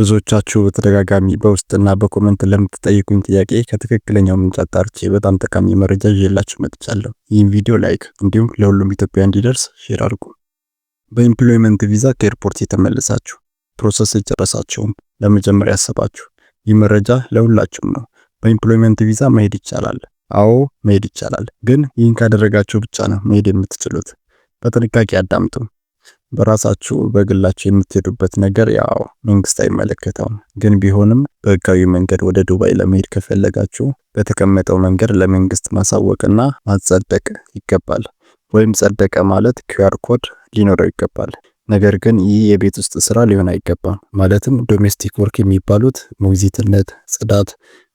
ብዙዎቻችሁ በተደጋጋሚ በውስጥና በኮመንት ለምትጠይቁኝ ጥያቄ ከትክክለኛው ምንጭ አጣርቼ በጣም ጠቃሚ መረጃ ይዤላችሁ መጥቻለሁ። ይህም ቪዲዮ ላይክ እንዲሁም ለሁሉም ኢትዮጵያ እንዲደርስ ሼር አድርጉ። በኤምፕሎይመንት ቪዛ ከኤርፖርት የተመለሳችሁ ፕሮሰስ የጨረሳችሁም ለመጀመሪያ ያሰባችሁ ይህ መረጃ ለሁላችሁም ነው። በኤምፕሎይመንት ቪዛ መሄድ ይቻላል። አዎ መሄድ ይቻላል። ግን ይህን ካደረጋችሁ ብቻ ነው መሄድ የምትችሉት። በጥንቃቄ አዳምጡም። በራሳችሁ በግላችሁ የምትሄዱበት ነገር ያው መንግስት አይመለከተውም። ግን ቢሆንም በህጋዊ መንገድ ወደ ዱባይ ለመሄድ ከፈለጋችሁ በተቀመጠው መንገድ ለመንግስት ማሳወቅና ማጸደቅ ይገባል። ወይም ጸደቀ ማለት ኪዩአር ኮድ ሊኖረው ይገባል። ነገር ግን ይህ የቤት ውስጥ ስራ ሊሆን አይገባም። ማለትም ዶሜስቲክ ወርክ የሚባሉት ሞግዚትነት፣ ጽዳት፣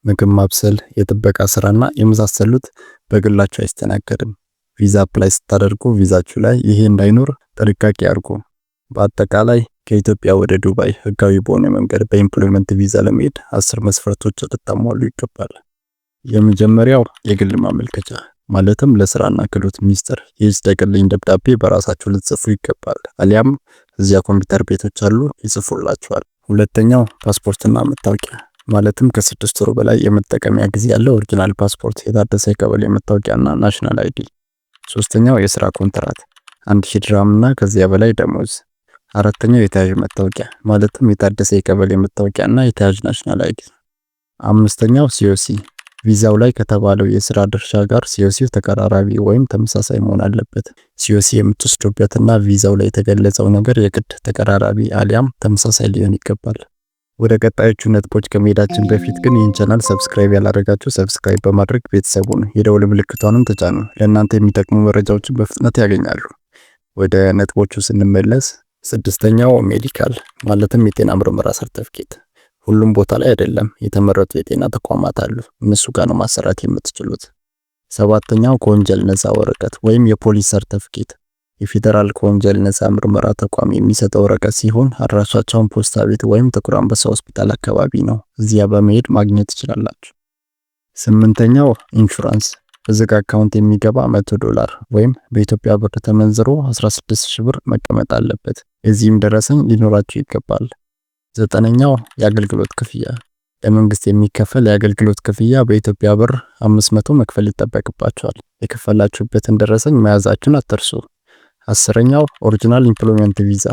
ምግብ ማብሰል፣ የጥበቃ ስራና የመሳሰሉት በግላቸው አይስተናገድም። ቪዛ አፕላይ ስታደርጉ ቪዛችሁ ላይ ይሄ እንዳይኖር ጥንቃቄ አድርጉ። በአጠቃላይ ከኢትዮጵያ ወደ ዱባይ ህጋዊ በሆነ መንገድ በኢምፕሎይመንት ቪዛ ለመሄድ አስር መስፈርቶች ልታሟሉ ይገባል። የመጀመሪያው የግል ማመልከቻ ማለትም ለስራና ክህሎት ሚኒስቴር የእጅ ደብዳቤ በራሳችሁ ልትጽፉ ይገባል። አሊያም እዚያ ኮምፒውተር ቤቶች አሉ ይጽፉላችኋል። ሁለተኛው ፓስፖርትና መታወቂያ ማለትም ከስድስት ወር በላይ የመጠቀሚያ ጊዜ ያለው ኦሪጂናል ፓስፖርት፣ የታደሰ የቀበሌ መታወቂያና ናሽናል አይዲ ሶስተኛው የስራ ኮንትራት አንድ ሺህ ድራም እና ከዚያ በላይ ደሞዝ። አራተኛው የተያዥ መታወቂያ ማለትም የታደሰ የቀበሌ መታወቂያ እና የተያዥ ናሽናል አይዲ። አምስተኛው ሲዮሲ ቪዛው ላይ ከተባለው የስራ ድርሻ ጋር ሲዮሲው ተቀራራቢ ወይም ተመሳሳይ መሆን አለበት። ሲዮሲ የምትወስዱበትና ቪዛው ላይ የተገለጸው ነገር የግድ ተቀራራቢ አሊያም ተመሳሳይ ሊሆን ይገባል። ወደ ቀጣዮቹ ነጥቦች ከመሄዳችን በፊት ግን ይህን ቻናል ሰብስክራይብ ያላደረጋችሁ ሰብስክራይብ በማድረግ ቤተሰቡን የደውል ምልክቷንም ተጫኑ። ለእናንተ የሚጠቅሙ መረጃዎችን በፍጥነት ያገኛሉ። ወደ ነጥቦቹ ስንመለስ ስድስተኛው ሜዲካል ማለትም የጤና ምርመራ ሰርተፍኬት ሁሉም ቦታ ላይ አይደለም፣ የተመረጡ የጤና ተቋማት አሉ። እነሱ ጋር ነው ማሰራት የምትችሉት። ሰባተኛው ከወንጀል ነፃ ወረቀት ወይም የፖሊስ ሰርተፍኬት የፌዴራል ከወንጀል ነፃ ምርመራ ተቋም የሚሰጠው ወረቀት ሲሆን አድራሻቸውን ፖስታ ቤት ወይም ጥቁር አንበሳ ሆስፒታል አካባቢ ነው። እዚያ በመሄድ ማግኘት ትችላላችሁ። ስምንተኛው ኢንሹራንስ በዝግ አካውንት የሚገባ 100 ዶላር ወይም በኢትዮጵያ ብር ተመንዝሮ 16 ሺህ ብር መቀመጥ አለበት። እዚህም ደረሰኝ ሊኖራችሁ ይገባል። ዘጠነኛው የአገልግሎት ክፍያ ለመንግስት የሚከፈል የአገልግሎት ክፍያ በኢትዮጵያ ብር 500 መክፈል ይጠበቅባቸዋል። የከፈላችሁበትን ደረሰኝ መያዛችሁን አትርሱ። አስረኛው ኦሪጅናል ኢምፕሎይመንት ቪዛ።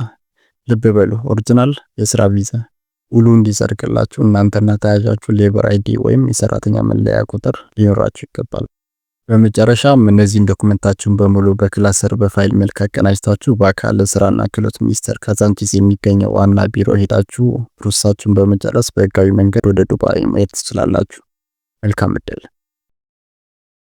ልብ በሉ ኦሪጅናል የስራ ቪዛ ውሉ እንዲጸድቅላችሁ እናንተና ተያዣችሁ ሌበር አይዲ ወይም የሰራተኛ መለያ ቁጥር ሊኖራችሁ ይገባል። በመጨረሻም እነዚህን ዶክመንታችሁን በሙሉ በክላሰር በፋይል መልክ አቀናጅታችሁ በአካል ስራና ክህሎት ሚኒስቴር ካዛንቺስ የሚገኘው ዋና ቢሮ ሄዳችሁ ፕሮሰሳችሁን በመጨረስ በህጋዊ መንገድ ወደ ዱባይ መሄድ ትችላላችሁ። መልካም እድል።